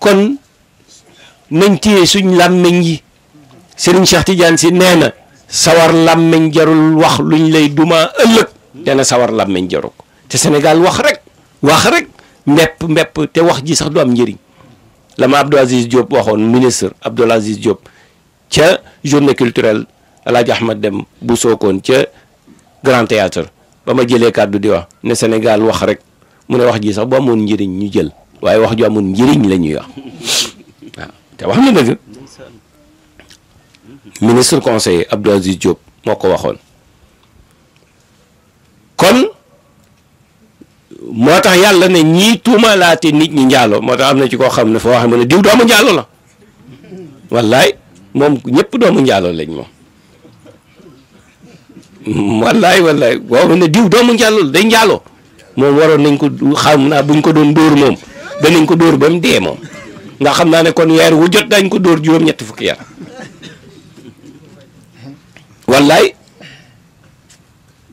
kon nañ téye suñ làmmiñ yi Serigne Cheikh Tidiane si nee na sawar làmmiñ jarul wax luñ lay duma ëllëg dana sawar làmmiñ jarul te senegal wax rek wax rek mbepp mbepp te wax ji sax du am njëriñ la ma Abdou Aziz Diop waxoon ministre Abdou Aziz Diop ca journée culturelle El Hadj Dem bu sookoon ca Grand Théâtre ba ma jëlee kàddu di wax ne Sénégal wax rek mu ne wax ji sax bu amoon njëriñ ñu jël waaye wax ju amul njëriñ la ñuy wax te wax na dëgg ministre conseiller Abdou Aziz moo ko waxoon kon tax yàlla ne ñii tuumalaate nit ñi njaalo moo tax na ci koo xam ne foo xam ne diw doomu njaalo la wallaay moom ñëpp doomu njaalo lañ moom wallaay wallaay boo xam ne diw doomu njaalo la day njaalo moom waroon nañ ko xam naa buñ ko doon dóor moom ba danañ ko dóor ba mu dee moom nga xam naa ne kon weer wu jot dañ ko dóor juróom-ñetti fukki yar wallaay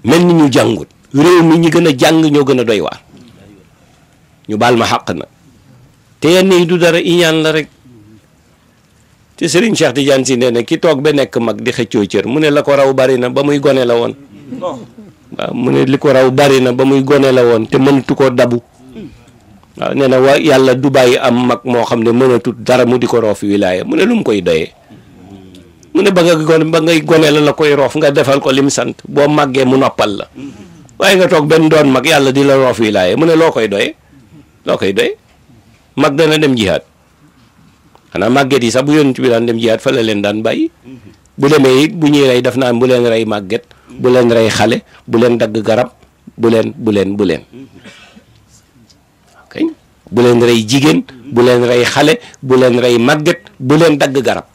mel ni ñu jàngut réew mi ñu gën a jàng ñoo gën a doy waa ñu baal ma xàq na te yenn yi du dara iñaan la rek te sëriñ Serigne di Tidiane si nee na ki toog ba nekk mag di xëccoo cër mu ne la ko raw bari na ba muy gone la woon mu ne li ko raw bari na ba muy gone la woon te mënatu koo dabu waaw nee na wa yàlla du bàyyi am mag moo xam ne mënatut dara mu di ko roof wilaaya mu ne lu mu koy doyee mu ne ba nga gone ba ngay gone la la koy roof nga defal ko lim sant boo màggee mu noppal la waaye nga toog benn doon mag yàlla di la roof wilaaya mu ne loo koy doyee loo koy doyee mag dana dem jihaat xanaa màgget yi sax bu yoon bi daan dem jihaat fa la leen daan bàyyi bu demee it bu ñuy rey daf naan bu leen rey màgget bu leen rey xale bu leen dagg garab bu leen bu leen bu leen kañ bu leen rey jigéen bu leen rey xale bu leen rey màgget bu leen dagg garab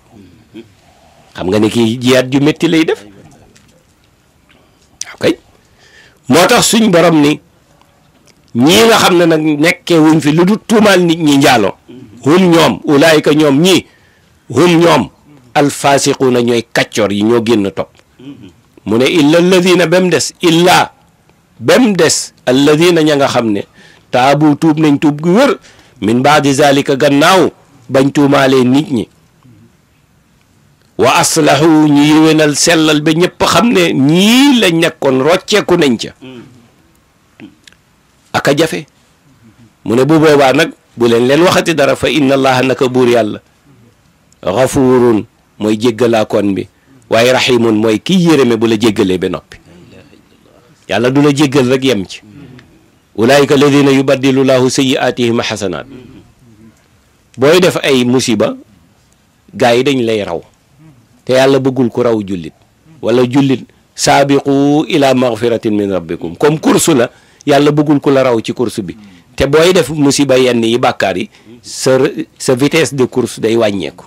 xam nga ne kii jiyaat ju métti lay def ok moo tax suñ borom ni ñii nga xam ne nag nekkee wuñ fi lu du tuumaal nit ñi njaaloo hum ñoom ulaayika ñoom ñii hum ñoom alfaasiquuna ñooy kaccoor yi ñoo génn topp mu ne illa alladina ba mu des illa ba mu des alladina ña nga xam ne taabu tuub nañ tuub gu wér min baadi zalika gannaaw bañ tuumaalee nit ñi wa aslahu ñu yéwénal sellal ba ñëpp xam ne ñii lañ nekkoon rocceeku nañ ca ak a jafe mu ne bu boobaa nag bu leen leen waxati dara fa inna allaha naka buur yàlla xafuurun mooy jéggalaakoon bi waaye raximun mooy kii yërëme bu la jéggalee ba noppi yàlla du la jéggal rek yem ci ulaayika alladina yubaddilu laahu sayyiaatihim xasanaat booy def ay musiba gars yi dañ lay raw te yàlla bëggul ku raw jullit wala jullit saabiqu ila magfiratin min rabbikum comme kursu la yàlla bëggul ku la raw ci kursu bi te booy def musiba yenn yi bàkkaar yi sa sa vitesse de course day wàññeeku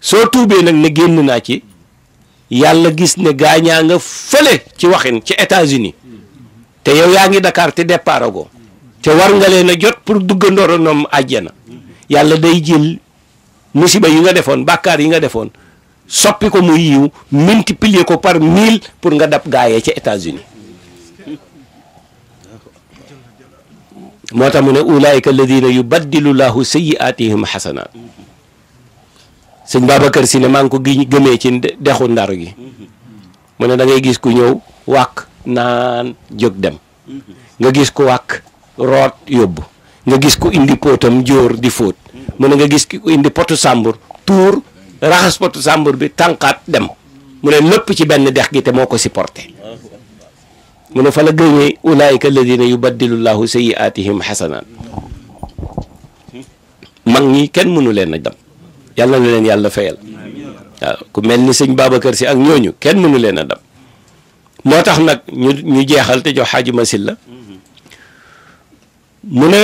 soo tuubee nag ne génn naa ci yàlla gis ne gaañaa nga fële ci waxin ci États-Unis te yow yaa ngi Dakar te départ agoo te war nga leen a jot pour duggandoor ak ñoom àjjana yàlla day jël musiba yi nga defoon bàkkaar yi nga defoon soppi ko muy yiw multiplier ko par mille pour nga dab gaaye ca états uni moo tax mu ne ulaayika alladina yubaddilu llahu sayiatihim xasanaat sëñ Babacar si ne maa ngi ko gi gëmee ci dexu ndar gi mu ne da gis ku ñëw wàkk naan jóg dem nga gis ku wàkk root yóbbu nga gis ku indi póotam jóor di fóot mu ne nga gis ku indi potu sàmbur tuur raxas potu sàmbur bi tànqaat dem mu ne lépp ci benn dex gi te moo ko supporté mu ne fa la gëñee ulaayika alladina yubaddilu llahu sayiatihim xasanaan mag ñi kenn mënu leen a dem yàlla na leen yàlla fayal waaw ku mel ni sëñ Babacar si ak ñooñu kenn nu leen a dem moo tax nag ñu jeexal te jox xaaji masil la mu ne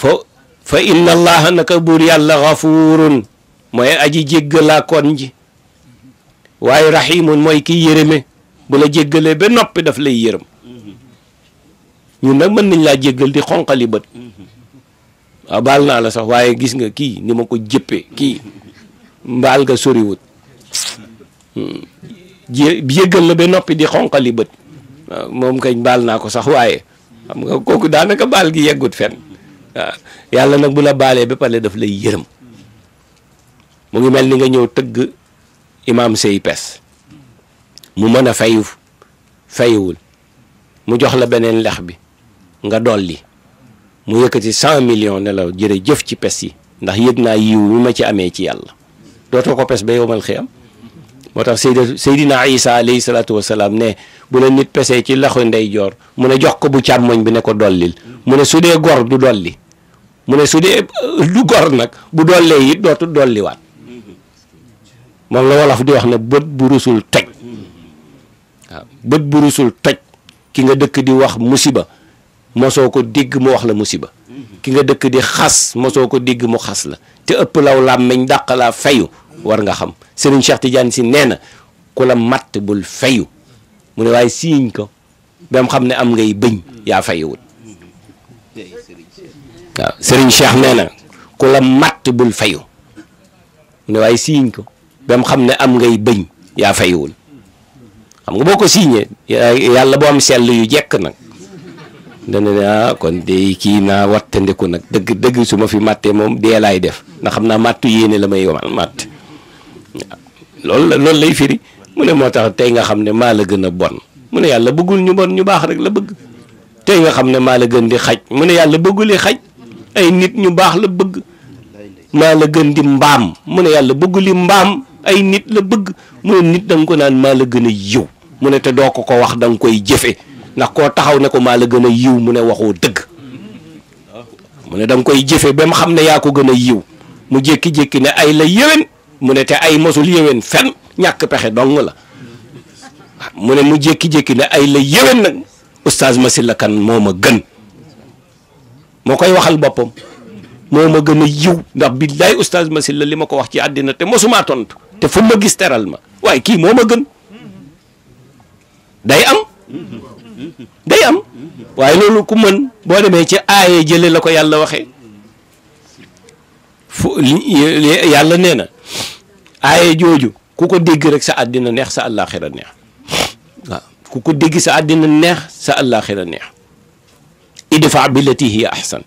fo fa inna allaha naka buur yàlla xafuurun mooy aji jéggalaa koon ji waaye raximun mooy kii yërëme bu la jéggalee ba noppi daf lay yërëm ñun nag mën nañ laa jéggal di xonqali bët waaw ah, baal naa la sax waaye gis nga kii ni ma ko jëppee kii mbaal nga soriwut hmm. yëgal la ba noppi di xonqali bët moom kañ baal naa ko sax waaye xam nga kooku daanaka baal gi yeggut fenn yàlla nag bu la baalee ba pare daf lay yërëm mu ngi mel ni nga ñëw tëgg imaam sey pes mu mën a fayu fayuwul mu jox la beneen lex bi nga dolli mu yëkkati cent million ne la jëf ci pes yi ndax yëg naa yiw mi ma ci amee ci yàlla dootoo ko pes ba yowmal xiyam moo tax Seydou Seydina Isa alayhi salaatu wasalaam ne bu la nit pesee ci loxo ndeyjoor mu ne jox ko bu càmmoñ bi ne ko dollil mu ne su dee gor du dolli mu ne su dee euh, du gor nag bu dollee it dootu dolliwaat moom la wolof di wax ne bët bu rusul toj waaw bët bu rusul toj ki nga dëkk di wax musiba mosoo ko digg mu wax la musiba. ki nga dëkk di xas mosoo ko digg mu xas la te ëpp law làmmiñ dàq laa fayu war nga xam Serigne Cheikh Tidiane si nee na ku la matt bul fayu mu ne waaye siiñ ko ba xam ne am ngay bëñ yaa fayuwut waaw na ku la matt bul fayu xam am ngay bëñ yaa nga boo ko siiñee yàlla boo am sell yu jekk nag dana ne ah kon de kii naa wattandiku nag dëgg dëgg su ma fi màttee moom dee laay def ndax xam naa màttu yéene la may màtt loolu loolu lay firi mu ne moo tax tey nga xam ne maa la gën a bon mu ne yàlla bëggul ñu bon ñu baax rek la bëgg tey nga xam ne maa la gën di xaj mu ne yàlla bëgguli xaj ay nit ñu baax la bëgg maa la gën di mbaam mu ne yàlla bëggul bëgguli mbaam ay nit la bëgg mu ne nit da ko naan maa la gën a yiw mu ne te doo ko ko wax da koy jëfe ndax koo taxaw ne ko maa la gën a yiw mu ne waxoo dëgg mu ne da koy jëfe ba mu xam ne yaa ko gën a yiw mu jékki-jékki ne ay la yéwén mu ne te ay mosul yéwén fenn ñàkk pexe dong la mu ne mu jékki-jékki ne ay la yéwén nag oustaz Massyla Kane moo ma gën moo koy waxal boppam moo ma gën a yiw ndax billaay oustaz Massyla li ma ko wax ci àddina te mosumaa tontu te fu ma gis teral ma waaye kii moo ma gën day am day am waaye loolu ku mën boo demee ci aaye jële la ko yàlla waxee fu yàlla na aaye jooju ku ko dégg rek sa àddina neex sa àllaaxira neex waaw ku ko dégg sa àddina neex sa àllaaxira neex idfa billati hiya ahsan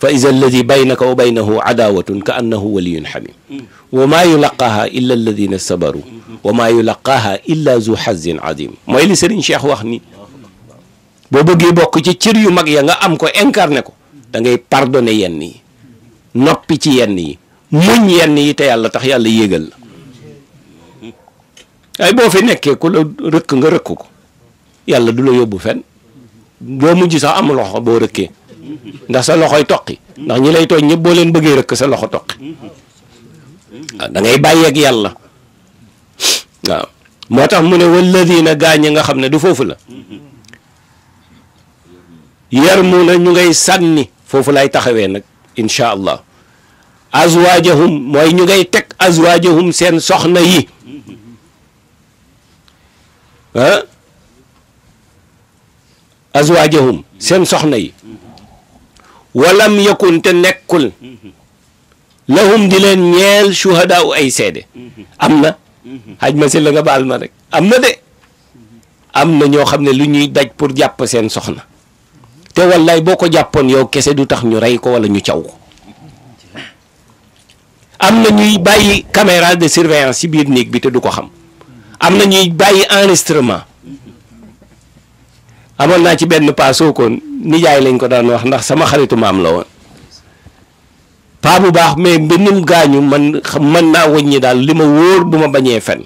fa ida alladi baynaka wa baynahu adawatun ka annahu waliyun xamim wa maa yulaqaaha illa alladina sabaru wa maa yulaqaaha illa zu xazin azim mooy li Serigne Cheikh boo bëggee bokk ci cër yu mag ya nga am ko incarné ko da ngay pardonné yenn yi noppi ci yenn yi muñ yenn yi te yàlla tax yàlla yéegal la ay boo fi nekkee ku la rëkk nga rëkk ko yàlla du la yóbbu fenn doo mujj sax amul loxo boo rëkkee ndax sa loxoy toqi ndax ñi lay tooñ ñëpp boo leen bëggee rëkk sa loxo toqi dangay ah, da yàlla waaw moo tax mu ne walladina gaañ nga xam ne du foofu la na ñu ngay sànni foofu lay taxawee nag incha allah azwaajahum mooy ñu ngay teg azwaajahum seen soxna yi ah azwaajahum seen soxna yi walam yakun te lahum di leen ñeel shuhadaa u ay seede am na xaj ma si la nga baal ma rek am na de am na ñoo xam ne lu ñuy daj pour jàpp seen soxna te wallaay boo ko jàppoon yow kese du tax ñu rey ko wala ñu caw ko am na ñuy bàyyi caméra de surveillance ci biir néeg bi te du ko xam am na ñuy bàyyi en enregistrement amoon naa ci benn paa soo koon nijaay lañ ko daan wax ndax sama xaritu maam la woon paa bu baax mais mbenum gaañu man xam man naa wëññi daal li ma wóor bu ma bañee fen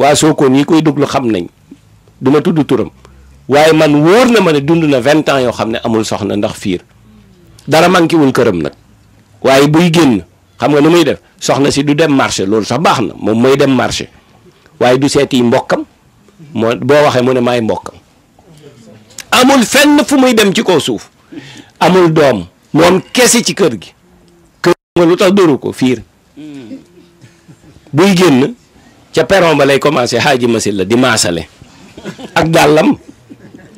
waa soo koon yi koy déglu xam nañ duma tudd turam waaye man wóor na ma ne dund na vingt ans yoo xam ne amul soxna ndax fiir dara manqué wul këram nag waaye buy génn xam nga nu muy def soxna si du dem marché loolu sax baax na moom mooy dem marché waaye du seeti mbokkam moo boo waxee mu ne maay mbokkam amul fenn fu muy dem ci kaw suuf amul doom moom kese ci kër gi kër nga lu tax dóoru ko fiir buy génn ca peron ba lay commencé xaaji masil la di maasale ak dàllam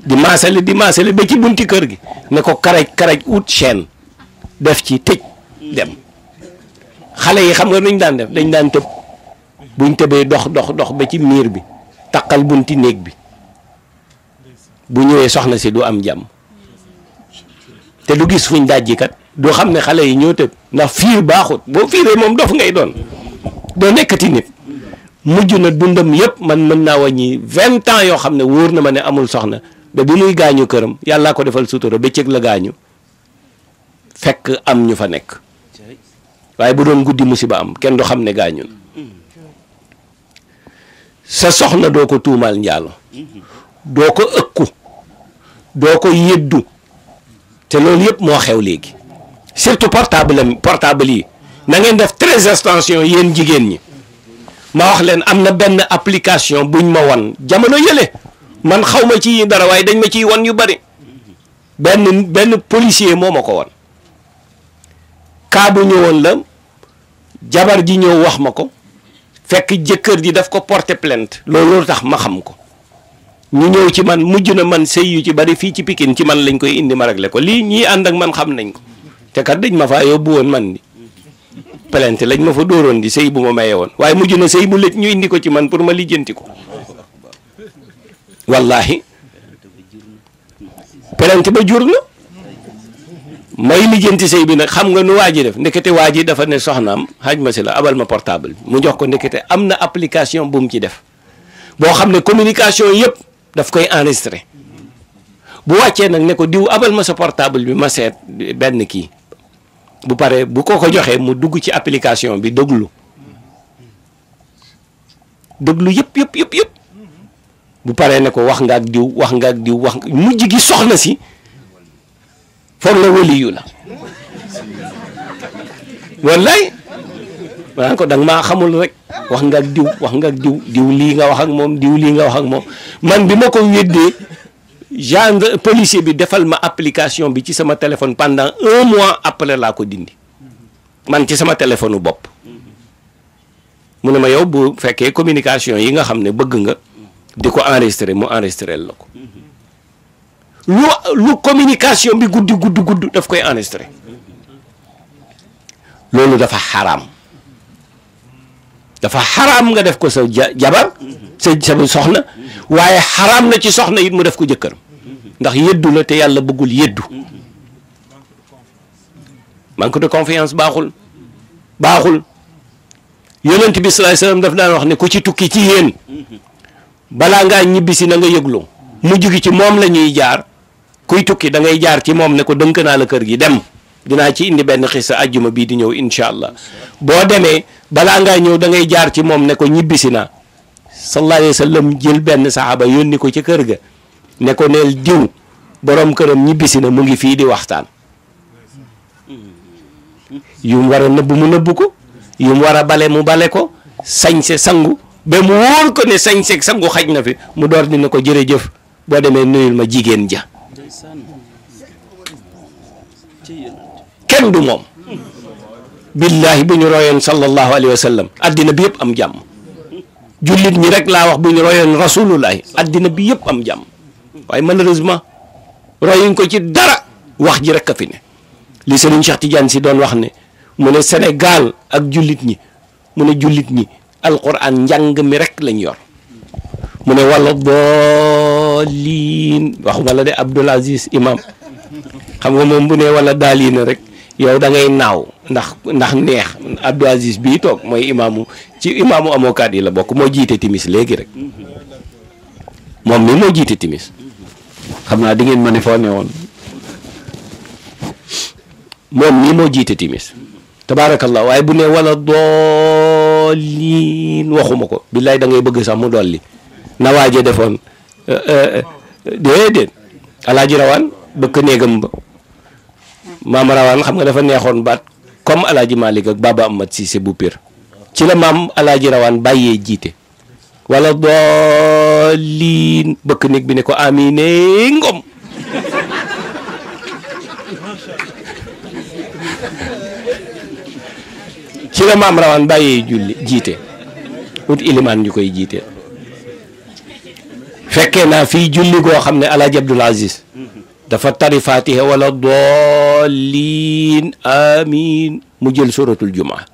di maasale di maasale ba ci bunti kër gi ne ko karaj karaj ut chaîne def ci tëj dem xale yi xam nga nuñ daan def dañ daan tëb buñ tëbee dox dox dox ba ci miir bi taqal bunti néeg bi bu ñëwee soxna si du am jàmm te du gis fuñ dajji kat du xam ne xale yi ñoo tëb ndax fiir baaxut boo fiiree moom dof ngay doon doo nekkati nit mujj na dundam yëpp man mën naa wàññi vingt ans yoo xam ne wóor na ma ne amul soxna ba bi muy gaañu këram yàllaa ko defal sutura bëccëg la gaañu fekk am ñu fa nekk waaye bu doon guddi musiba am kenn du xam ne gaañu na sa soxna doo ko tuumaal njaalo doo ko ëkku doo ko yëddu te loolu yëpp moo xew léegi surtout portable am portable yi na ngeen def très attention yéen jigéen ñi ma wax leen am na benn application buñ ma won jamono yële man xaw ma ci dara waaye dañ ma ci won yu bari benn benn policier moo ma ko won kaa ñëwoon la jabar ji ñëw wax ma ko fekk jëkkër ji daf ko porter plainte looloo tax ma xam ko ñu ñëw ci man mujj na man sëy yu ci bari fii ci Pikine ci man lañ koy indi ma réglé ko lii ñii ànd ak man xam nañ ko te kat dañ ma faa yóbbu woon man di plainte lañ ma fa dóoroon di sëy bu ma mayee woon waaye mujj na sëy bu lëj ñu indi ko ci man pour ma lijjanti ko wallahi pelante ba jur na may lijjanti sëy bi nag xam nga nu waa ji def ndekete waa ji dafa ne soxnaam xaaj ma si la abal ma portable mu jox ko ndekete am na application bu mu def boo xam ne communication yëpp daf koy enregistré bu wàccee nag ne ko diw abal ma sa portable bi ma seet benn kii bu paree bu ko ko joxee mu dugg ci application bi déglu déglu yëpp yëpp yëpp yëpp bu paree ne ko wax nga ak diw wax nga ak diw wax mu mujj gi soxna si foog na waliyu la wallaay maanaam ko danga maa wax nga ak diw wax nga ak diw diw lii nga wax ak moom diw lii nga wax ak moom man bi ma ko weddee genre policier bi defal ma application bi ci sama téléphone pendant un mois après laa ko dindi man ci sama téléphone bopp mu ne ma yow bu fekkee communication yi nga xam ne bëgg nga di ko enregistré mu enregistré la ko lu lu communication bi gudd gudd gudd daf koy enregistré loolu dafa xaraam dafa xaraam nga def ko sa jabar sa sa soxna waaye xaraam na ci soxna it mu def ko jëkkër ndax yëddu la te yàlla bëggul yëddu manque de confiance baaxul baaxul yonent bi sallallahu alayhi wasallam daf daan wax ne ku ci tukki ci yéen balaa ngaa ñibbisi na nga yëglu mujj gi ci moom la ñuy jaar kuy tukki da ngay jaar ci moom ne ko dënk naa la kër gi dem dinaa ci indi benn xisa ajjuma bii di ñëw incha allah boo demee balaa ngaa ñëw da ngay jaar ci moom ne ko ñibbisi na sallallahu alayhi wa sallam jël benn saxaaba yónni ko ci kër ga ne ko neel diw boroom këram ñibbisi na mu ngi fii di waxtaan yum war a nëbb mu nëbb ko yum war a bale mu bale ko sañse sangu ba mu wóor ko ne sañ seeg sangu xaj na fi mu door dina ko jëf boo demee nuyul ma jigéen ja kenn du moom billaahi bu ñu royoon sallallahu alayhi wa sallam addina bi yëpp am jàmm jullit ñi rek laa wax bu ñu royoon rasulullahi addina bi yëpp am jàmm waaye malheureusement royuñ ko ci dara wax ji rek a fi ne li Serigne Cheikh Tidiane si doon wax ne mu ne Sénégal ak jullit ñi mu ne jullit ñi alquran njàng mi rek lañ yor mu ne wala dooliin waxuma la de Abdoul Aziz Imam xam nga moom mu ne wala daaliin rek yow da ngay naaw ndax ndax neex Abdoul Aziz bii toog mooy imaamu ci imaamu amookaat yi la bokk moo jiite timis léegi rek moom mi moo jiite timis xam naa di ngeen ma ne foo ne woon moom mii moo jiite timis tabaarakallah waaye bu ne wala dooliin waxuma ko billaay da ngay bëgg sax mu dolli na waaje defoon eh, eh, eh, déedéet alaaji rawaan bëkk néegam ba maam rawaan xam nga dafa neexoon baat comme alaaji Malick ak Baba Amat Cissé bu Pire ci la maam alaaji rawaan bàyyee jiite wala dooliin bëkk néeg bi ne ko amine ngom ci la maam rawaan bàyyee julli jiite ut ilimaan ñu koy jiite fekkee naa fii julli goo xam ne alaaji abdul aziz dafa tari wala dolliin amin mu jël suratul jumaa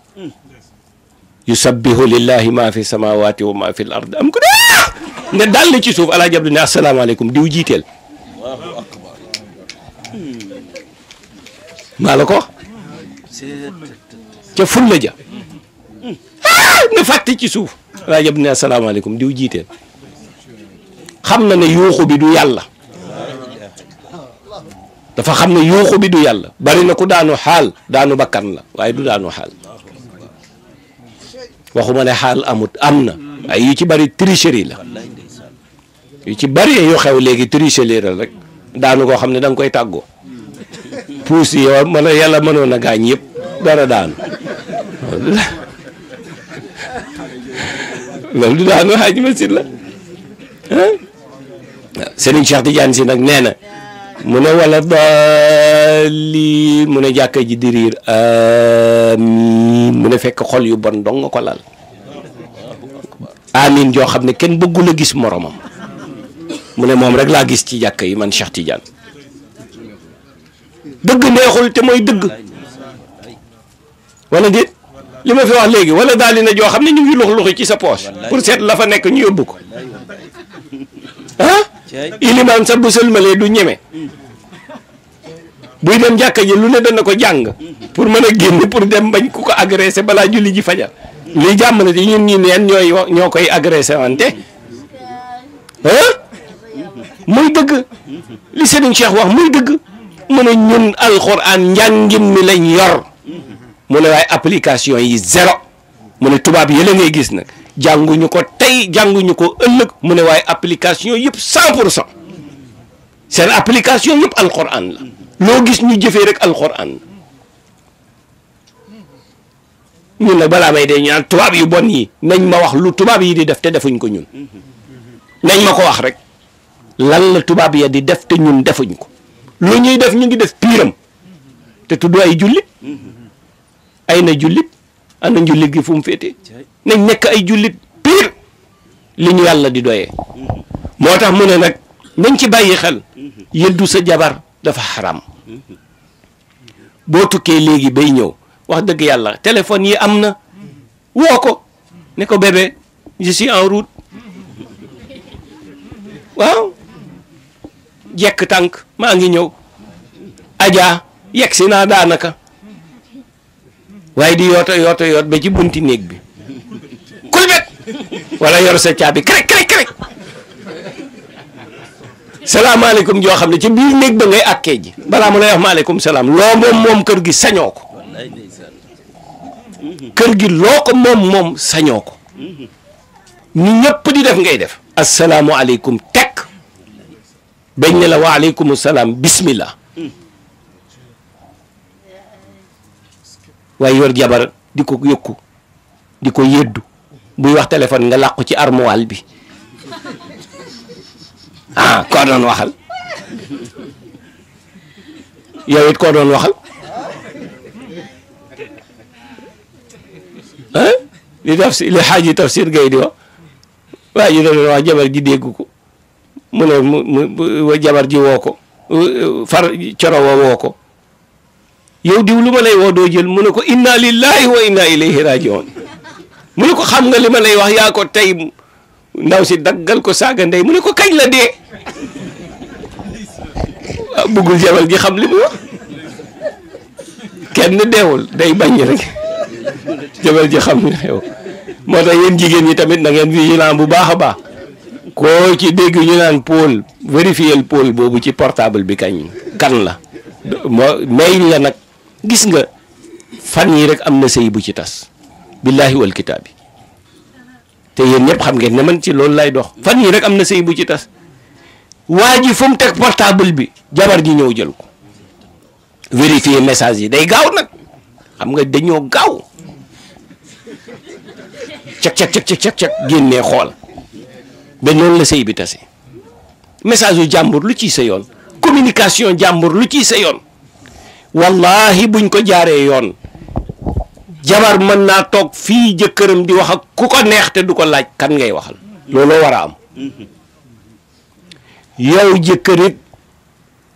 yusabbihu lillahi ma fi samawati wa ma fi l am ko ne ah! ci suuf alaaji abdul ne asalaamaaleykum diw jiiteel maa la ko ca fulla ja ah, na fàtte ci suuf rajo bi ne asalaamaaleykum diw jiiteel xam na ne yuuxu bi du yàlla dafa xam ne yuuxu bi du yàlla bari na ku daanu xaal daanu bakkan la waaye du daanu xaal ma ne xaal amut am na waaye yu ci bari tricherie la yu ci bari yu xew léegi tricherie la rek daanu koo xam ne dang koy tàggoo puus yi yow mën a yàlla mënoon a gaañ yëpp dara daanu loolu du daanu xaaj masit la ah Serigne Cheikh Tidiane si nag nee na mu ne wala daali mu ne jàkka ji di riir amiin mu ne fekk xol yu bon dong nga ko lal amiin joo xam ne kenn bëggul a gis moromam mu ne moom rek laa gis ci jàkka yi man Cheikh Tidiane dëgg neexul te mooy dëgg wala déet li ma fi wax léegi wala daal dina joo xam ne ñu ngi lux luxi ci sa poche pour set la fa nekk ñu yóbbu ko ah ilimaan sa bu sëlmalee du ñeme buy dem jàkka ji lu ne dana ko jàng pour mën a génn pour dem bañ ku ko agressé balaa julli ji fajar lii jàmm na te ñun ñi neen ñooy ñoo koy agressé wante ah muy dëgg li Serigne Cheikh wax muy dëgg mën a ñun alxuraan njàngin mi lañ yor mu ne waaye application yi zéro mu ne tubaab yële ngay gis nag jànguñu ko tey jànguñu ko ëllëg mu ne waaye application yëpp cent pour cent seen application yëpp alxuraan la loo gis ñu jëfee rek alxuraan la ñun nag balaa may dee ñu naan tubaab yu bon yi nañ ma wax lu tubaab yi di def te defuñ ko ñun nañ ma ko wax rek lan la tubaab ya di def te ñun defuñ ko lu ñuy def ñu ngi def piiram te tudd ay jullit ay na jullit ana njullit gi féete nañ nekk ay jullit pire li ñu yàlla di doyee moo tax mu ne nag nañ ci bàyyi xel yëddu sa jabar dafa xaram boo tukkee léegi bay ñëw wax dëgg yàlla téléphone yi am na woo ko ne ko bébé je suis en route waaw jekk tànk maa ngi ñëw aja yegg si naa daanaka waaye di yooto yooto yoot ba ci bunti néeg bi kulbet wala yor sa caabi krek krek krek salaamaaleykum joo xam ne ci biir néeg ba ngay àkkee ji balaa mu lay wax maaleykum salaam loo moom moom kër gi sañoo ko kër gi loo ko moom moom sañoo ko ni di def ngay def asalaamualeykum tekk bañ ne la waaleykum salaam bismillah waaye yor jabar di ko yëkku di ko yëddu buy wax téléphone nga làqu ci armuwal bi ah koo doon waxal yow it koo doon waxal ah li tafsir li xaaji tafsir gay di wax waa ji doon jabar ji dégg ko mu ne jabar ji woo far coro wa yow diw lu ma lay woo doo jël mu ne ko inna lillahi wa inna ilayhi rajiun mu ne ko xam nga li ma lay wax yaa ko tey ndaw si daggal ko saaga ndey mu ne ko kañ la dee ah, bëggul jabar ji xam li mu wax kenn deewul day bañ rek jabar ji xam li xew moo tax yéen jigéen ñi tamit na ngeen vigilant bu baax a baax koo ci dégg ñu naan pôle vérifier pôle boobu ci portable bi kañ kan la moo may la nag gis nga fan yi rek am na sëy bu ci tas billaahi wal kitaabi te yéen ñëpp xam ngeen ne man ci loolu lay dox fan yi rek am na sëy bu ci tas waa ji fu mu teg portable bi jabar ji ñëw jël ko vérifier message yi day gaaw nag xam nga dañoo gaaw cek cek cek cek cek génnee xool ba noonu la sëy bi tase message yu jàmbur lu ciy sa yoon communication jàmbur lu ciy sa yoon wallahi buñ ko jaaree yoon jabar mën naa toog fii jëkkëram di wax ak ku ko neex te du ko laaj kan ngay waxal looloo war a am yow jëkkërit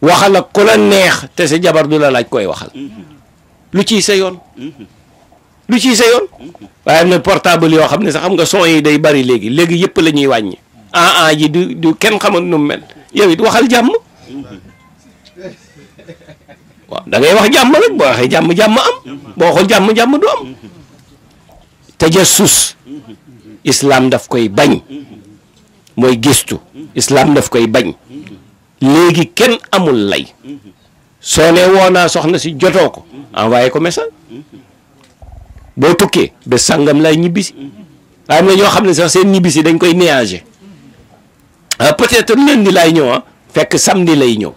waxal ak ku la neex te sa jabar du la laaj koy waxal lu ciy sa yoon lu ciy sa yoon waaye am na portable yoo xam ne sax xam nga son yi day bari léegi léegi yëpp la ñuy wàññi ah ah ji du du kenn xamul nu mu mel yow it waxal jàmm waaw da ngay wax jàmm nag boo waxee jàmm jàmm am boo waxul jàmm jàmm du am tajassus islam daf koy bañ mooy gistu islam daf koy bañ léegi kenn amul lay soo ne woo naa soxna si jotoo ko envoyé ko message boo tukkee ba sàngam laay ñibbisi waaye am na ñoo xam ne sax seen ñibbisi dañ koy néager ah, peut-être lundi lay ñëw ah fekk samedi lay ñëw.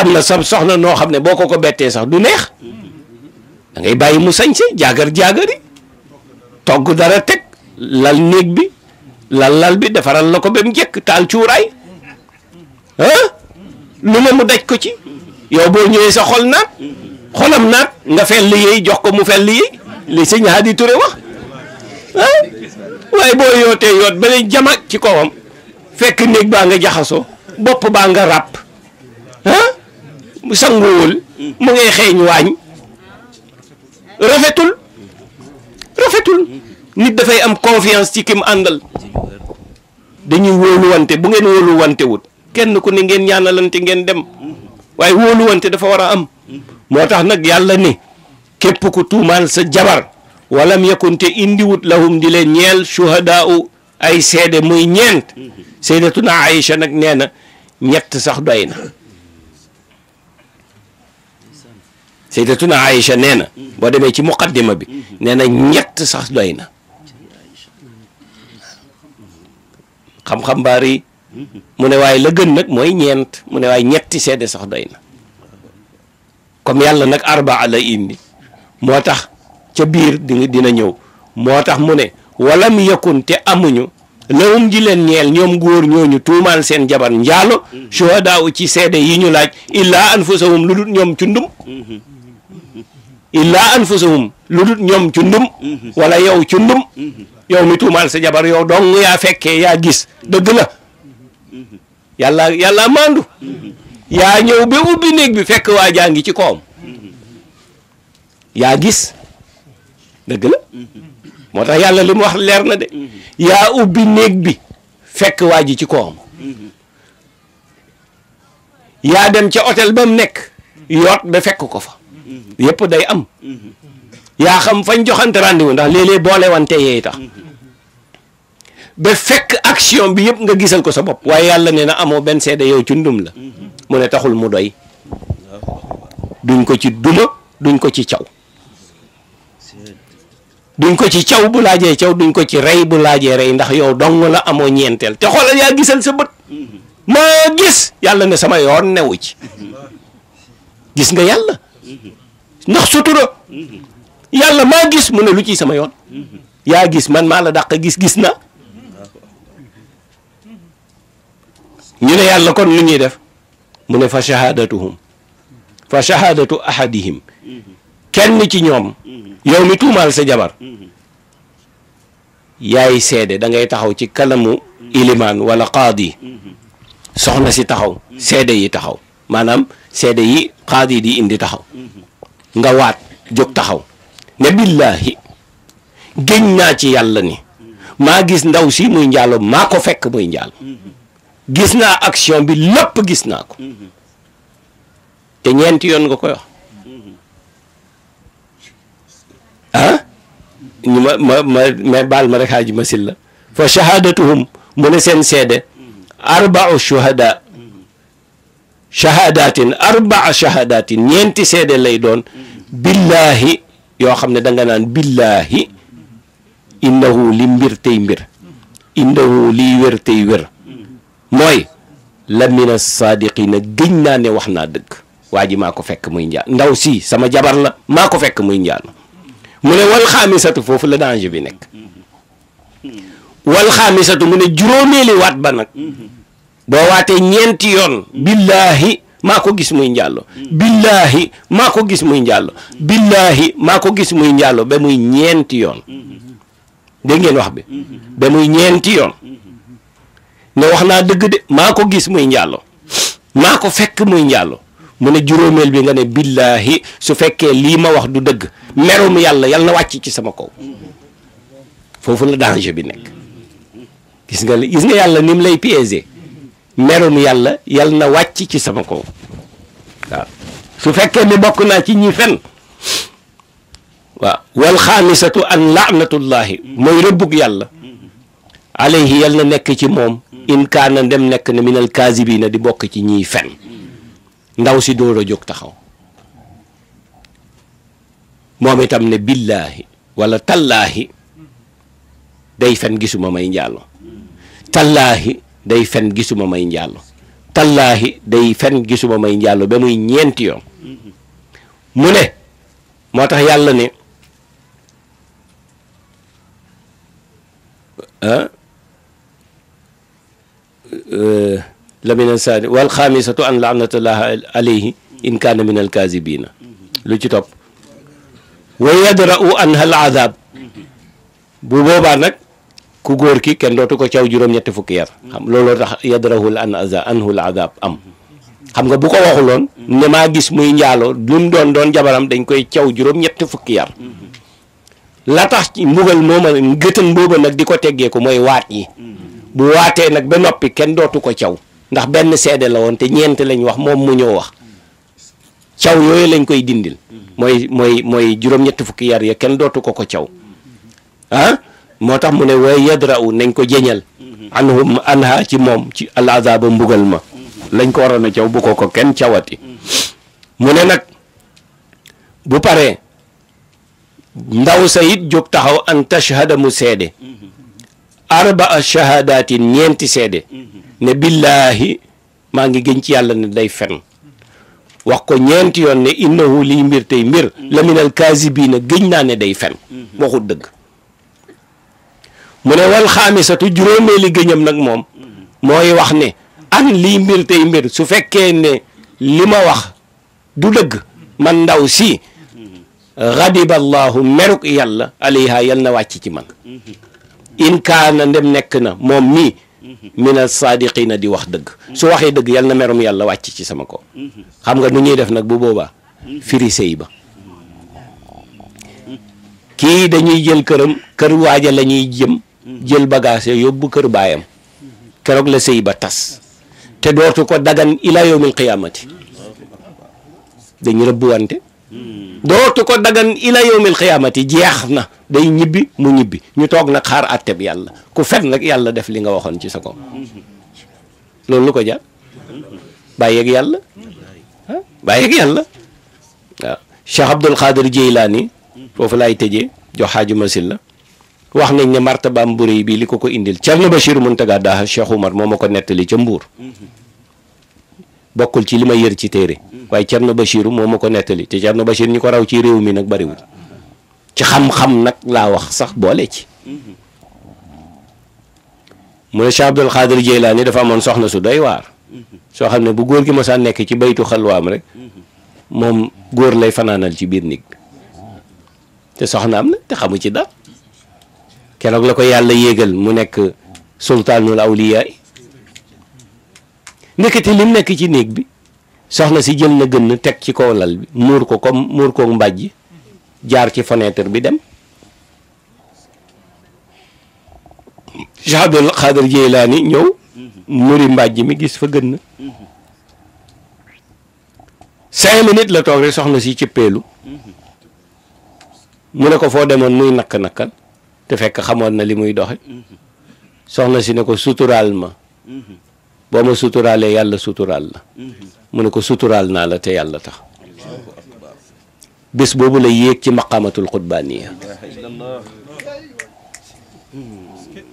am na sa soxna noo xam ne boo ko ko bettee sax du neex dangay bàyyi mu sañ sañse jaagar jaagari togg dara teg lal néeg bi lal lal bi defaral la ko ba mu njëkk taal cuuraay ah ne mu daj ko ci yow boo ñëwee sa xol naat xolam naat nga fell yeey jox ko mu fel yeey li sëñ Hadi Touré wax ah waaye boo yootee yoot ba ne jama ci kawam fekk néeg baa nga jaxasoo bopp baa nga ràpp sanguwul mu ngay xeeñ waañ rafetul rafetul nit dafay am confiance ci ki mu àndal dañuy wóolu wante bu ngeen wóolu wante wut kenn ko ne ngeen ñaanalante ngeen dem waaye wóolu wante dafa war a am moo tax nag yàlla ne képp ku tuumaal sa jabar walam yakun te indiwut lahum di leen ñeel shuhadaau ay seede muy ñeent seedatuna Aïcha nag nee na ñett sax doy na sayyidatuna Aïcha nee na boo demee ci muqaddima bi nee na ñett sax doy na xam-xam mu ne waaye la gën nag mooy ñeent mu ne waaye ñetti seede sax doy na comme yàlla nag arbaa la indi moo tax ca biir dina ñëw moo tax mu ne walam yakun te amuñu lawum ji leen ñeel ñoom góor ñooñu tuumaal seen jabar njaalo mm-hmm. shuhadaa ci seede yi ñu laaj illaa anfusahum lu dul ñoom cundum illaa anfusahum lu dul ñoom ci walla yow ci ndum yow mi tuumaal sa jabar yow dong yaa fekkee yaa gis dëgg yàlla yàlla maandu yaa bi fekk waa jaa ngi ci koom gis dëgg moo tax yàlla li wax leer na de yaa ubbi néeg bi fekk waa ji ci koom yaa dem ca hôtel ba nekk yoot ba fekk ko fa yépp day am yaa xam fañ joxante rendez-vous ndax léeg-léeg boole wante yee tax ba fekk action bi yëpp nga gisal ko sa bopp waaye yàlla nee na amoo benn seede yow ci ndum la mu ne taxul mu doy duñ ko ci duma duñ ko ci caw duñ ko ci caw bu laajee caw duñ ko ci rey bu laajee rey ndax yow dong la amoo ñeenteel te xoolal yaa gisal sa bët maa gis yàlla ne sama yoon newu ci gis nga yàlla ndax sutura yàlla ma gis mu ne lu ci sama yoon yaa gis man maa la dàq gis gis na ñu ne yàlla kon lu ñuy def mu ne fa shahadatuhum fa shahadatu ahadihim kenn ci ñoom yow mi tuumaal sa jabar yaay seede da taxaw ci kanamu ilimaan wala qaadi soxna si taxaw seede yi taxaw maanaam seede yi qaadi di indi taxaw nga waat jóg taxaw ne billaahi géñ naa ci yàlla ni maa gis ndaw si muy njaalo maa ko fekk muy njaalo gis naa action bi lépp gis naa ko te ñeenti yoon nga koy wax ah ñu ma ma ma baal ma rek xaaji ma silla fa shahadatuhum mu ne seen seede arbau shuhada shahadatin arbaa shahadatin ñeenti seede lay doon billaahi yoo xam ne danga naan billaahi innahu li mbir tey mbir innahu mooy la mina saadiqina gëñ naa ne wax naa dëkk waa ji maa ko fekk muy njaan ndaw si sama jabar la maa ko fekk muy njaan mu ne wal xaamisatu foofu la danger bi nekk wal xaamisatu mu ne juróomeeli waat ba nag boo waatee ñeenti yoon billaahi maa ko gis muy njàllo billaahi maa ko gis muy njàllo billaahi maa ko gis muy njàllo ba muy ñeenti yoon dégg ngeen wax bi ba muy ñeenti yoon ne wax naa dëgg de maa ko gis muy njàllo maa ko fekk muy njàllo mu ne juróomeel bi nga ne billaahi su fekkee lii ma wax du dëgg merum yàlla yàlla na wàcc ci sama kaw foofu la danger bi nekk gis nga gis nga yàlla ni mu lay piéger merum yàlla yal na wàcc ci sama kow su fekkee ne bokk naa ci ñi fen waaw wal xaamisatu an laanatullahi mooy rëbbug yàlla alayhi yal na nekk ci moom in kaana dem nekk na minal kaasibina di bokk ci ñiy fen ndaw si door a jóg taxaw moom itam ne billaahi walla tallaahi day fen gisuma may njaaloo tallaahi day fen gisuma may njàllu tallaahi day fen gisuma may njàllu ba muy ñeenti yoon mu ne moo tax yàlla ne ah, eh, la min ansaani wal xaamisatu an laanatullahi alayhi in kaana min alkaazibina lu ci topp wa yadra'u bu boobaa ku góor ki kenn dootu ko caw juróom-ñetti fukki yar xam looloo tax yadrahul an aza anhul azab am xam nga bu ko waxuloon ne maa gis muy njaaloo lu doon doon jabaram dañ koy caw juróom-ñetti fukki yar la tax ci mbugal mooma ngëtën booba nag di ko teggee ko mooy waat yi bu waatee nag ba noppi kenn dootu ko caw ndax benn seede la woon te ñeent lañ wax moom mu ñëw wax caw yooyu lañ koy dindil mooy mooy mooy juróom-ñetti fukki yar yi kenn dootu ko ko caw ah? moo tax mu ne way yadra'u nañ ko jeñal anhum ci moom ci al azaba mbugal ma lañ ko waroon a caw bu ko ko kenn cawati mu ne nag bu paree ndaw sa it taxaw an tashhada mu seede arbaa shahadatin ñeenti seede ne billahi maa ngi gën ci yàlla ne day fen wax ko ñeenti yoon ne innahu liy mbir tey mbir laminal kaasibiina gëñ naa ne day fen waxut dëgg mu ne wal xaamisatu juróomeeli gëñam nag moom mooy wax ne an lii mbir tey mbir su fekkee ne li ma wax du dëgg man ndaw si xadiballaahu meruk yàlla alayha yal na wàcc ci man in kaana nekk na moom mii min al saadiqina di wax dëgg su waxee dëgg yàlla na merum yàlla wàcc ci sama ko xam nga nu ñuy def nag bu boobaa firi ba kii dañuy jël këram kër waaja lañuy jëm jël bagage yóbbu kër baayam keroog la sëy ba tas te dootu ko dagan ila yawmil qiyaamati dañ rëbbuwante dootu ko dagan ila yawmil qiyaamati jeex na day ñibbi mu ñibbi ñu toog nag xaar àtteb yàlla ku fet nag yàlla def li nga waxoon ci sa ko loolu ko jar bàyyeeg yàlla ah bàyyeeg yàlla waaw Cheikh Abdul foofu laay tëjee jox masil la wax nañ ne martabaam bu rëy bii li ko ko indil Thierno Bachir Mountaga Daha Cheikh Oumar moo ma ko nettali ca Mbour bokkul ci li ma yër ci téere waaye Thierno Bachir moo ma ko nettali te Thierno Bachir ñu ko raw ci réew mi nag bariwul ci xam-xam nag laa wax sax boole ci mu ne Cheikh Abdul Xaadir Jeylaani dafa amoon soxna su doy waar soo xam ne bu góor gi ma saa nekk ci baytu xalwaam rek moom góor lay fanaanal ci biir néeg bi te soxna am na te xamu ci dara keroog la ko yàlla yéegal mu nekk sultaanul awliyaay nekk ci néeg bi soxna si jël na gën teg ci kaw lal bi muur ko jaar ci fenêtre bi dem Cheikh Abdul Xaadir Jeylaani ñëw muri mbàjj mi gis fa gën cinq minutes la toog rek soxna si cëppeelu mu ne ko foo demoon muy nakk-nakkal te fekk xamoon na li muy doxe soxna si ne ko suturaal ma boo ma suturaalee yàlla suturaal la mu ne ko suturaal naa la te yàlla tax bés boobu la yéeg ci maqamatul xutbaaniya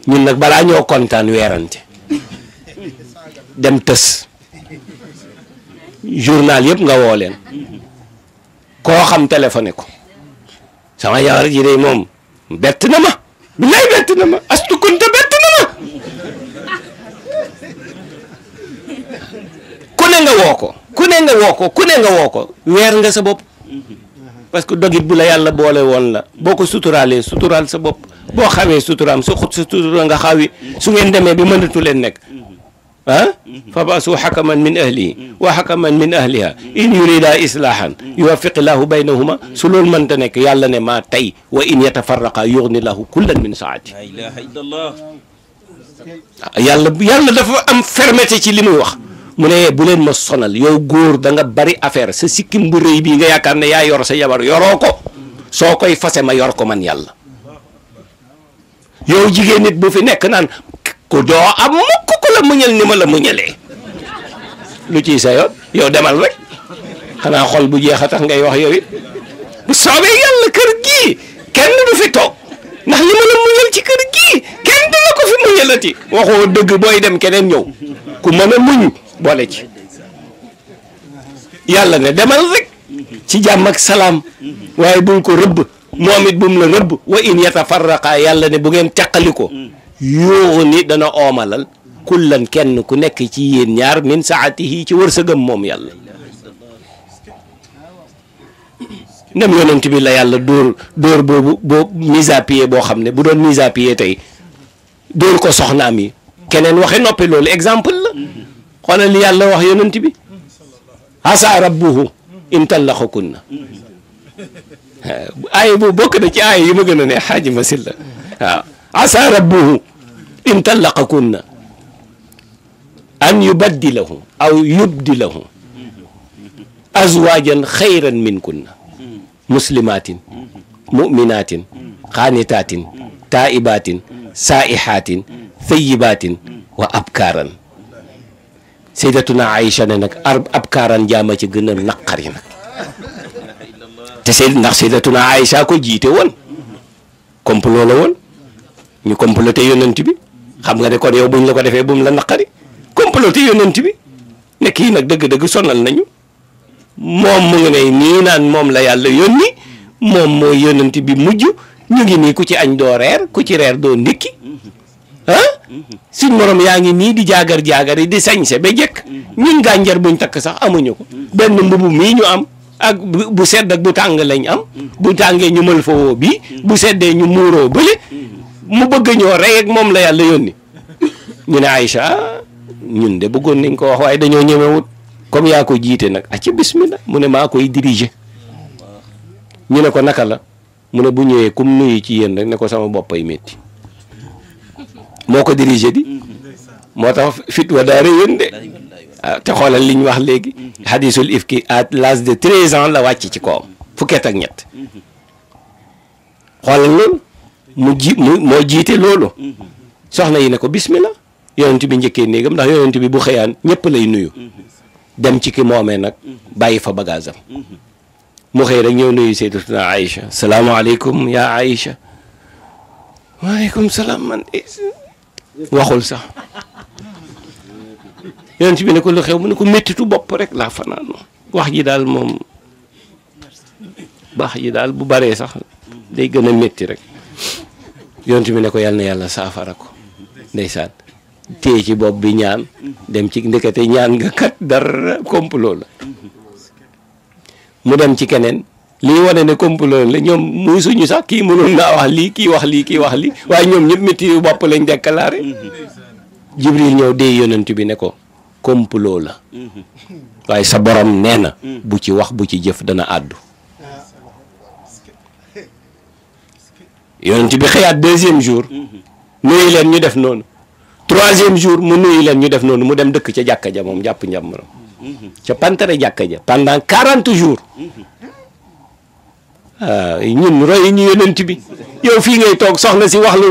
ñun nag balaa ñoo kontaan weerante dem tës journal yëpp nga woo leen koo xam téléphoné ko sama yaar ji day moom bett na ma bi lay bett na ma astu kunta bett na ma ku nga woo ko ku ne nga woo ko ku ne nga woo ko weer nga sa bopp parce que dogit bu la yàlla boole woon la boo ko suturaalee suturaal sa bopp boo xawee suturaam su xut sa sutura nga xawi su ngeen demee bi mënatu leen nekk ah fabaasuu xakaman min ahlihi wa xakaman min ahliha in yurida islaahan yuwaffiqillahu baynahuma su loolu mënta nekk yàlla ne maa tey wa in yatafarraqa yugni lahu kullan min saati la ilaha illallah yàlla dafa am fermeté ci li muy wax mu ne bu leen ma sonal yow góor da nga bari affaire sa sikkim bu rëy bii nga yaakaar ne yaa yor sa jabar yoroo koy fase ma yor ko man yàlla yow jigéen bu fi nekk naan ku doo am mukk ku la muñal ni ma la muñalee lu ciy sa yoon yow demal rek xanaa xol bu jeex a tax ngay wax yow it bu soobee yàlla kër gii kenn du fi toog ndax li ma la muñal ci kër gii kenn du la ko fi muñalati waxoo dëgg booy dem keneen ñëw ku mën a muñ boole ci yàlla ne demal rek ci jàmm ak salaam waaye bul ko rëbb moom it bum la rëbb wa in yatafarraqa yàlla ne bu ngeen càqali ko yoo ni dana oomalal kullan kenn ku nekk ci yéen ñaar min saatihi ci wërsëgam moom yàlla ndem yonent bi la yàlla door dóor boobu boo boo xam ne bu doon mise à tey dóor ko soxnaam yi keneen waxe noppi loolu exemple la xoolal li yàlla wax yonent bi asa rabbuhu in tallaxakunna aay bu bokk na ci yi ma gën a ne rabbuhu in tallaqakunna an yubaddilahu aw yubdilahu azwajan xayran minkunna muslimatin muminatin xaanitaatin taaibatin saaihatin thayibatin wa abkaaran saydatuna Aïcha ne nag ar abkaaran jaama ci gën a naqari nag te seyd ndax saydatuna Aïcha ko jiite woon complot la woon ñu comploté yonent bi xam nga ne kon yow buñ la ko defee bu mu la naqari comploté yonent bi ne kii nag dëgg-dëgg sonal nañu moom mu ngi ne nii naan moom la yàlla yónni moom mooy yonent bi mujj ñu ngi nii ku ci añ doo reer ku ci reer doo ndékki ah suñ yaa ngi nii di jaagar jaagar yi di sañse ba jekk ñun gànjar buñ takk sax amuñu ko benn mbubu mii ñu am ak bu sedd ak bu tàng lañ am bu tàngee ñu mël fawoo bii bu seddee ñu muuroo bële mu bëgg a ñoo rey ak moom la yàlla yónni ñu ne Aïcha ñun de bëggoon nañ ko wax waaye dañoo ñemewut comme yaa ko jiite nag a ci bismillah mu ne maa koy diriger ñu ne ko naka la mu ne bu ñëwee comme nuyu ci yéen rek ne ko sama boppay métti moo ko diriger di moo tax fit wa daa de ah, te xoolal li ñu wax léegi hadisul ifki à l'âge de treize ans la wàcc ci kawam fukkeet ak ñett xoolal loolu mu moo jiite loolu mm-hmm. soxna yi ne ko bismillah yonent bi njëkkee néegam ndax yonent bi bu xëyaan ñëpp lay nuyu mm-hmm. dem ci ki moomee nag mm-hmm. bàyyi fa bagage am mu xëy rek ñëw nuyu sayyidatuna Aïcha salaamaaleykum yaa Aïcha waaleykum salaam man waxul sax yonent bi ne ko lu xew mu ne ko méttitu bopp rek laa fanaan wax ji daal moom baax ji daal bu baree sax day gën a métti rek yonent bi ne ko yal na yàlla saafara ko ndeysaan téye ci bopp bi ñaan dem ci ndekete ñaan nga kat dara complot la mu dem ci keneen lii wane ne complot la ñoom muy suñu sax kii mënoon naa wax lii kii wax lii kii wax lii waaye ñoom ñëpp métti bopp lañ déclaré jibril ñëw dee yonent bi ne ko complot la mm-hmm. waaye sa borom nee na bu ci wax bu ci jëf dana àddu yonent bi xëyaat deuxième jour nuyu leen ñu def noonu troisième jour mu nuyu leen ñu def noonu mu dem dëkk ca jàkka ja moom jàpp njàmburam ca pantare jàkka ja pendant quarante jours waaw ñun roy ñu bi yow fii ngay toog soxna si wax lu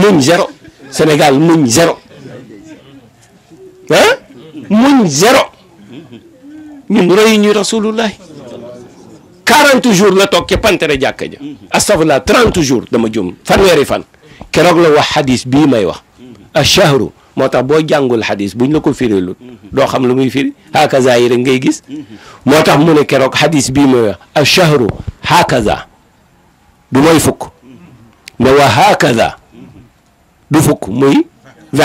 muñ zéro Sénégal muñ zéro ah muñ zéro ñun roy ñu rasulullahi 40 jours la toog ca pantere jàkka ja mm-hmm. astafurlah 30 jours dama jum fanweeri fan keroog la wax xadiis bii may wax mm-hmm. achahru moo tax boo jàngul xadis buñ la ko firilut mm-hmm. doo xam lu muy firi hakaza yi rek ngay gis moo tax mu ne keroog xadiis bii may wax achahru hakaza du mooy fukk fukk muy wa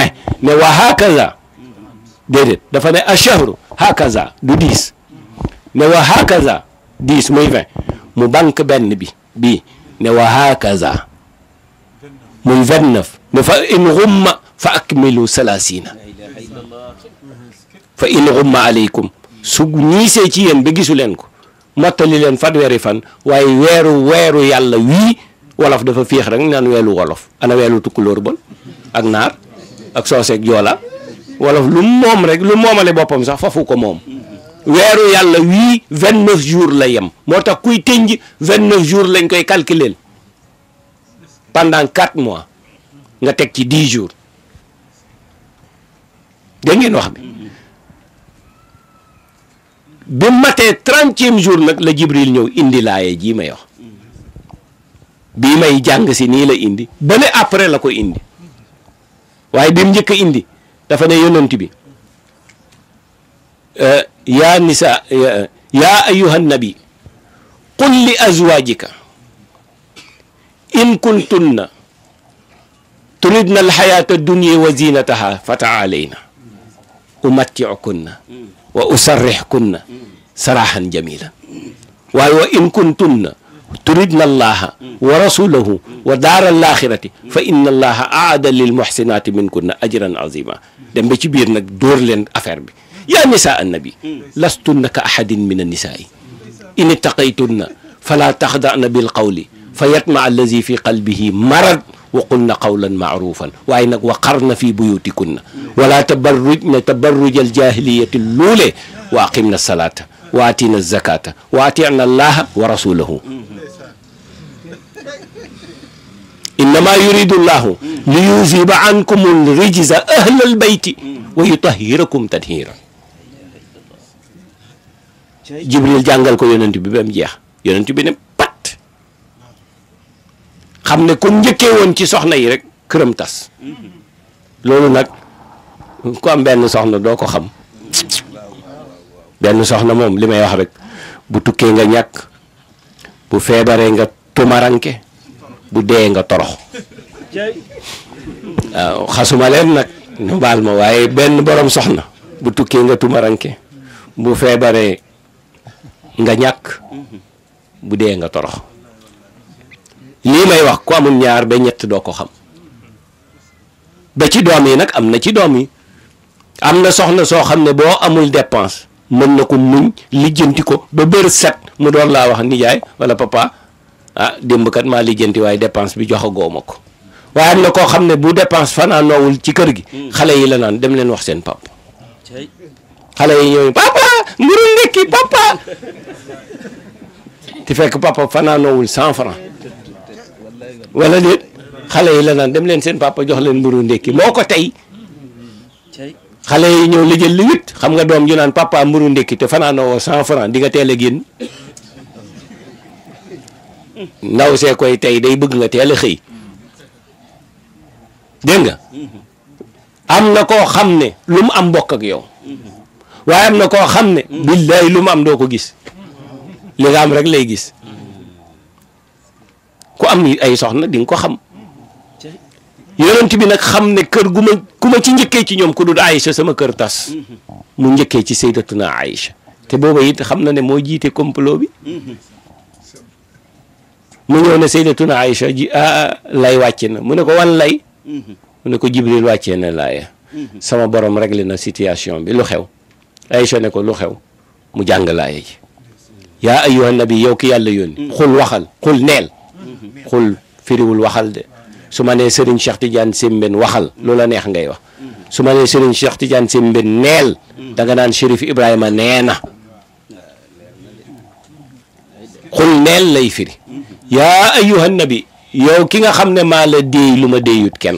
dafa ne achahru hakaza du wa hakaza dix muy vingt mu banque benn bi bii ne wa hakaza muy vingt neuf fa in xumma fa akmilu salaasina fa in xumma aleykum su ñiisee ci yéen ba gisu leen ko mottali leen fanweeri fan waaye weeru weeru yàlla wii wolof dafa féex rek naan weelu wolof ana weelu tukkulóor bon ak naar ak sooseeg joola wolof lu moom rek lu moomale boppam sax fafu ko moom weeru yàlla wii vingt neuf jours la yem moo tax kuy tënj vingt neuf jours lañ koy calculer pendant quatre mois nga teg ci dix jours dégg ngeen wax bi bi matee trentième jour nag la Jibril ñëw indi laaye jii may wax bii may jàng si nii la indi ba après la ko indi waaye bi mu njëkk a indi dafa ne yonent bi euh, yaa nisa yaa ayuha nabi qul li azwaajika in kuntunna turidna alxayaata dunya wa zinataha fa taalayna umattiukunna wa usarrixkunna sarahan jamila waaye wa in kuntunna turidna allaha wa rasulahu wa daara alaxirati fa inna allaha aada lil muxsinaati minkunna ajran azima dem ba ci biir nag dóor leen affaire bi yaa nisaa annabi lastunna ka ahadin min annisaa'i in ittaqaytunna falaa taxda'na bil qawli fa yatma allazi fi qalbihi marad wa qulna qawlan maarufan waaye nag waqarna fi buyutikunna wala tabarrujna tabarruj aljaahiliyati luule wa aqimna salaata wa atina zakata wa atina allaha wa rasulahu innama yuridu llahu li yuziba ankum alrijza ahla albayti wa yutahhirakum tathira jibril jàngal ko yonent bi ba mu jeex yonent bi ne pat xam ne ko njëkkee woon ci soxna yi rek këram tas loolu nag ku am benn soxna doo ko xam benn soxna moom li may wax rek bu tukkee nga ñàkk bu feebaree nga tumaranke bu dee nga torox waaw xasuma leen nag ñu baal ma waaye benn borom soxna bu tukkee nga tumaranke bu feebaree nga ñàkk bu dee nga torox lii may wax ku amul ñaar ba ñett doo ko xam ba ci doom yi nag am na ci doom yi am na soxna soo xam ne boo amul dépense mën na ko muñ lijjanti ko ba bër set mu doon laa wax nijaay wala papa ah démb kat maa lijjanti waaye dépense bi joxagooma ko waaye am na koo xam ne bu dépense fanaa noowul ci kër gi hmm. xale yi la naan dem leen wax seen papa xale yi ñooy papa mburu ndekki papa ti fekk papa fanaanoowul cent franc wala déet xale yi la naan dem leen seen papa jox leen mburu ndekki moo ko tey xale yi ñëw la jël li huit xam nga doom ju naan papa mburu ndekki te fanaanoowoo cent franc di nga teel a génn ndaw see koy tey day bëgg nga teel a xëy dégg nga mm-hmm. am na koo xam ne lu mu am mbokkak ak yow mm-hmm. waaye am na koo xam ne billaay lu mu am doo ko gis li nga am rek lay gis ku am ay soxna di nga ko xam yonent bi nag xam ne kër gu ma ku ma ci njëkkee ci ñoom ku dul Aïcha sama kër tas mu njëkkee ci sayyidatuna Aïcha te booba it xam na ne moo jiite complot bi mu ñëw ne sayyidatuna Aïcha ji ah, ah, lay wàcce na mu ne ko wan lay mu ne ko Jibril wàccee na laaya mm-hmm. sama borom réglé na situation bi lu xew Aïcha ne ko lu xew mu jàng laaya ji yaa ayyuha nabi yow ki yàlla yónni xul waxal xul neel xul firiwul waxal de su ma nee Serigne Cheikh Tidiane Sembène waxal loo la neex ngay wax su ma nee Serigne Cheikh Tidiane Sembène neel da nga naan Chérif Ibrahima nee na xul neel lay firi yaa ayyuha nabi yow ki nga xam ne maa la déey lu ma déeyut kenn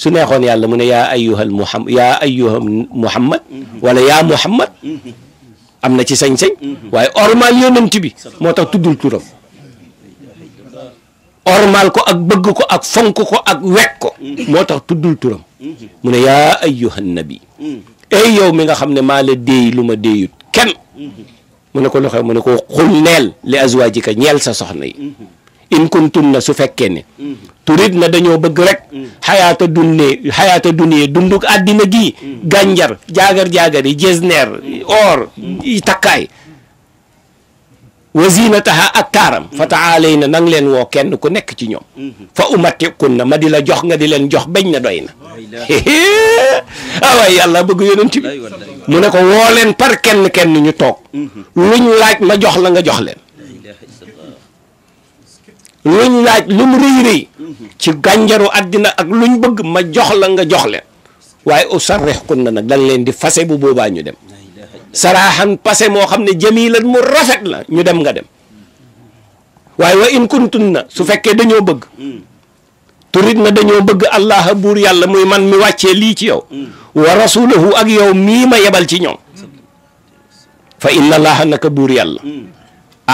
su neexoon yàlla mu ne yaa ayyuhal muham yaa ayyuha muhammad wala yaa muhammad am na ci sañ-sañ waaye ormal yonent bi moo tax tuddul turam ormal ko ak bëgg ko ak fonk ko ak wekk ko moo tax tuddul turam mu ne yaa ayyuhan nabi ey yow mi nga xam ne maa la déey lu ma déeyut kenn ne ko loxo mu ne ko xul neel li azwaajika ñeel sa soxna yi in kuntum na su fekkee ne turit na dañoo bëgg rek xayaata dunne xayaata dunye dunduk àddina gi gànjar jaagar-jaagar yi jesner or takkaay wazinataha ak taaram fa taalay na nang leen woo kenn ku nekk ci ñoom fa umatikun na ma di la jox nga di leen jox bañ na doy na awaay yàlla bëgg yonent bi mu ne ko woo leen par kenn kenn ñu toog mm-hmm. luñ laaj ma jox la nga jox leen luñ laaj lu mu rëy rëy mhm. ci gànjaru àddina ak luñ bëgg ma jox la nga jox leen waaye u sarrex kun na nag danga leen di fase bu boobaa ñu dem saraaxan pase moo xam ne jamilan mu rafet la ñu dem nga dem waaye wa in kuntun na su fekkee dañoo bëgg mm. turit na dañoo bëgg allah buur yàlla muy man mi wàccee lii ci yow mm. wa rasulahu ak yow mii ma yebal ci ñoom fa inna allaha naka buur yàlla mm.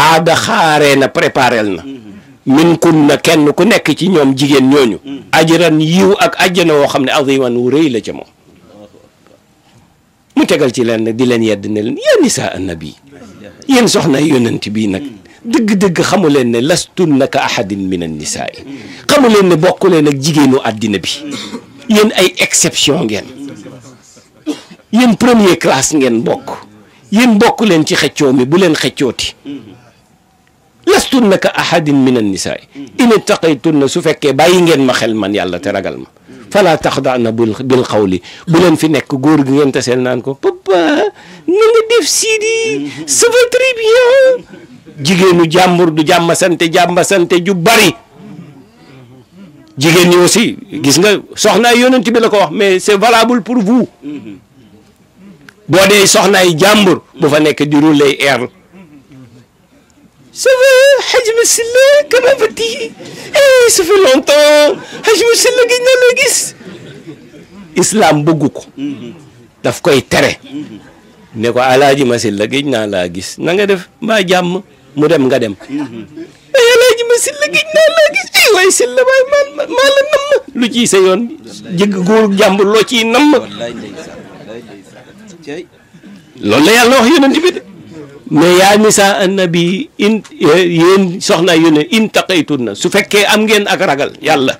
aada xaaree na préparel na mm-hmm. min kun na kenn ku nekk ci ñoom jigéen ñooñu mm. ajran yiw ak ajjana woo xam ne aziman wu rëy la ca moom mu tegal ci leen nag di leen yedd ne leen yaa nisaa annabi yéen soxna yonent bii nag mm. dëgg-dëgg xamu leen ne lastunna ka ahadin min an nisaa yi xamu leen ne bokku leen ak jigéenu àddina bi mm. yéen ay exception ngeen yéen premier classe ngeen bokk yéen bokk leen ci xëccoo mi bu leen xëccooti lastunna ka ahadin min annisaai in ittaqaytunna su fekkee bàyyi ngeen ma xel man yàlla te ragal ma fala taxdaana bil xawli bu leen fi nekk góor gi ngeen taseel naan ko papa na nga def siidi ça va très bien jigéenu jàmbur du jàmma sante jàmma sante ju bari jigéen ñi aussi gis nga soxnaay yonent bi la ko wax mais c'est valable pour vous boo dee soxnaay jàmbur bu fa nekk di rouler air Ça va Hadj Massila comment vas-tu eh ça fait longtemps Hadj Massila gëj na la gis. islam bëggu daf koy tere. ne ko alaaji Massila gëj naa laa gis na nga def ma jàmm mu dem nga dem. eh alaaji Massila gëj naa laa gis eh waaye Silla maa maa la lu ci sa yoon jëgg góor jàmbur loo ci nam loolu la yàlla wax yonent bi mais yaa nisaa annabi in yéen soxna yu ne in taqaytunna su fekkee am ngeen ak ragal yàlla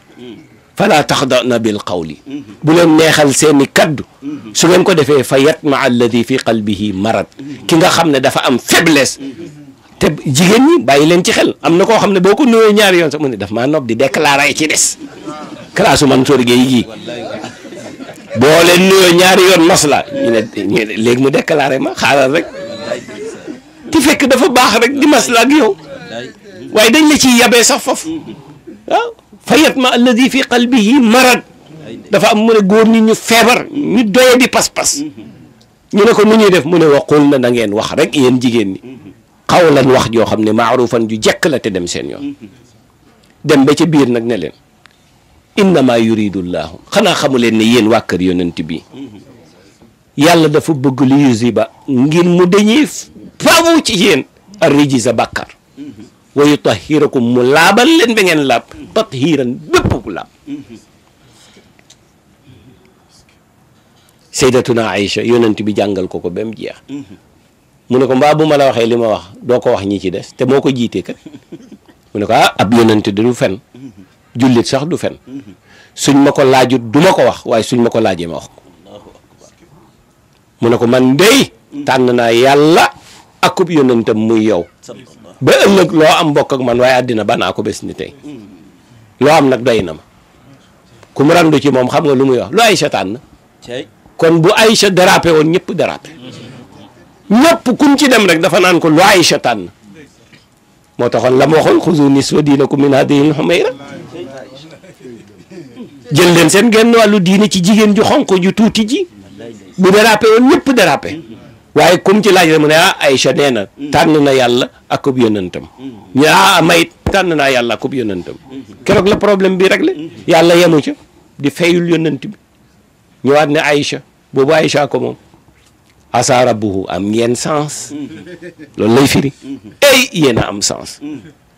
fala taxdana bil qawli bu leen neexal seeni kaddu su ngeen ko defee fa yatma alladi fi qalbihi marad ki nga xam ne dafa am faiblesse te jigéen ñi bàyyi leen ci xel am na koo xam ne boo ko nuyoo ñaari yoon sax mu ne daf maa nopp di déclaré ay ci des classe man sorge yi gii boo leen nuyoo ñaari yoon masla ñu léegi mu déclaré ma xaaral rek te fekk dafa baax rek di masla ak yow waaye dañ la ciy yabee sax foofu waaw fayat ma di fi qalbihi marad dafa am mu ne góor ñi ñu feebar ñu doye di pas-pas ñu ne ko nu ñuy def mu ne waxul na na ngeen wax rek yéen jigéen ñi xawlan wax joo xam ne maarufan ju jekk la te dem seen yoon dem ba ca biir nag ne leen innama yuridu llahu xanaa xamu leen ne yéen waa kër yonent bi yàlla dafa bëgg lu yusiba ngir mu dañuy faawu ci yéen ar-rijsa bàkkaar wa yutahhirakum mu laabal leen ba ngeen laab tathiran bépp bu laab saydatuna Aïcha yonent bi jàngal ko ko ba mu jeex mu ne ko mbaa bu ma la waxee li ma wax doo ko wax ñi ci des te moo ko jiitee kat mu ne ko ah ab yonent de du fen jullit sax du fen suñ ma ko laajut du ma ko wax waaye suñ ma ko laaje ma wax mu ne ko man dey tànn naa yàlla ak akub yonentam muy yow ba ëllëg loo am mbokk ak man waaye àddina banaa ko bés ni tey loo am nag doy na ma ku mu ci moom xam nga lu muy wax lu ay na kon bu Aïcha dérapé woon ñëpp dérapé ñëpp ci dem rek dafa naan ko lu Aïcha moo taxoon la mu waxoon xuzu jël leen seen genn wàllu diine ci jigéen ju xonq ju tuuti ji bu dérapé woon ñëpp dérapé waaye kum ci laaj rek mu ne ah Aïcha nee na mm. tànn na yàlla ak ub yonentam mm. ñu ah mayit tànn naa yàlla ak ub yonentam mm-hmm. keroog la problème bi réglé mm-hmm. yàlla yemu ca di fayul yonent bi ñëwaat ne Aïcha boobu Aïcha ko moom asa rabbuhu am ngeen sens mm-hmm. loolu lay firi ay yéen a am sens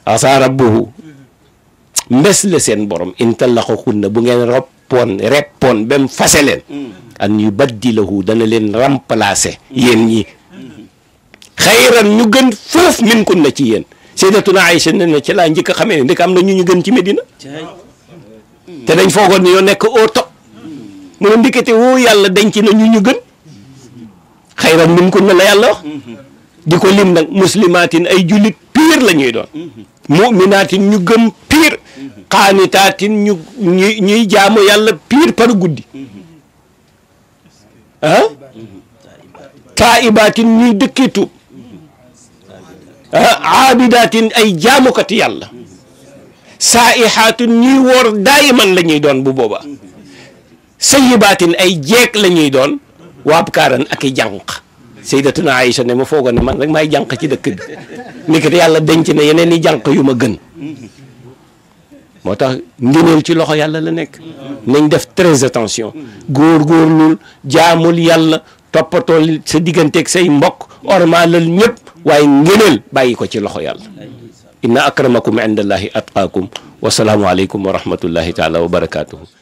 asa rabbuhu mbes la seen borom in talaqakunna bu ngeen roppoon reppoon ba mu mm. an yubaddilahu dana leen remplacer yéen ñi xayran ñu gën foofu min kun na ci yéen sayyidatuna Aïcha ne ci laa njëkk a xamee ne ndek am na ñu ñu gën ci Medina te dañ foogoon ne yoo nekk au top mu ne ndikete woo yàlla denc na ñu ñu gën xayran min kun na la yàlla wax di ko lim nag muslimatin ay jullit piir la doon muminaatin ñu gëm piir xaanitaatin ñu ñuy jaamu yàlla piir par guddi ah taaibatin ñuy dëkkee tuub ah aabidatin ay jaamukati yàlla saaihatin ñuy woor daayiman la ñuy doon bu booba sayibaatin ay jeeg la ñuy doon waabkaaran ak i jànq sayyidatuna Aïcha ne ma foogoon ne man rek maay jànq ci dëkk bi ni ko yàlla denc na yeneen i jànq yu ma gën moo tax ngëneel ci loxo yàlla la nekk nañ def très attention góor-góorlul jaamul yàlla toppatool sa digganteeg say mbokk ormaalal ñëpp waaye ngëneel bàyyi ko ci loxo yàlla inna akramakum indallahi atqaakum wasalaamu aleykum wa rahmatullahi taala wa barakaatuhu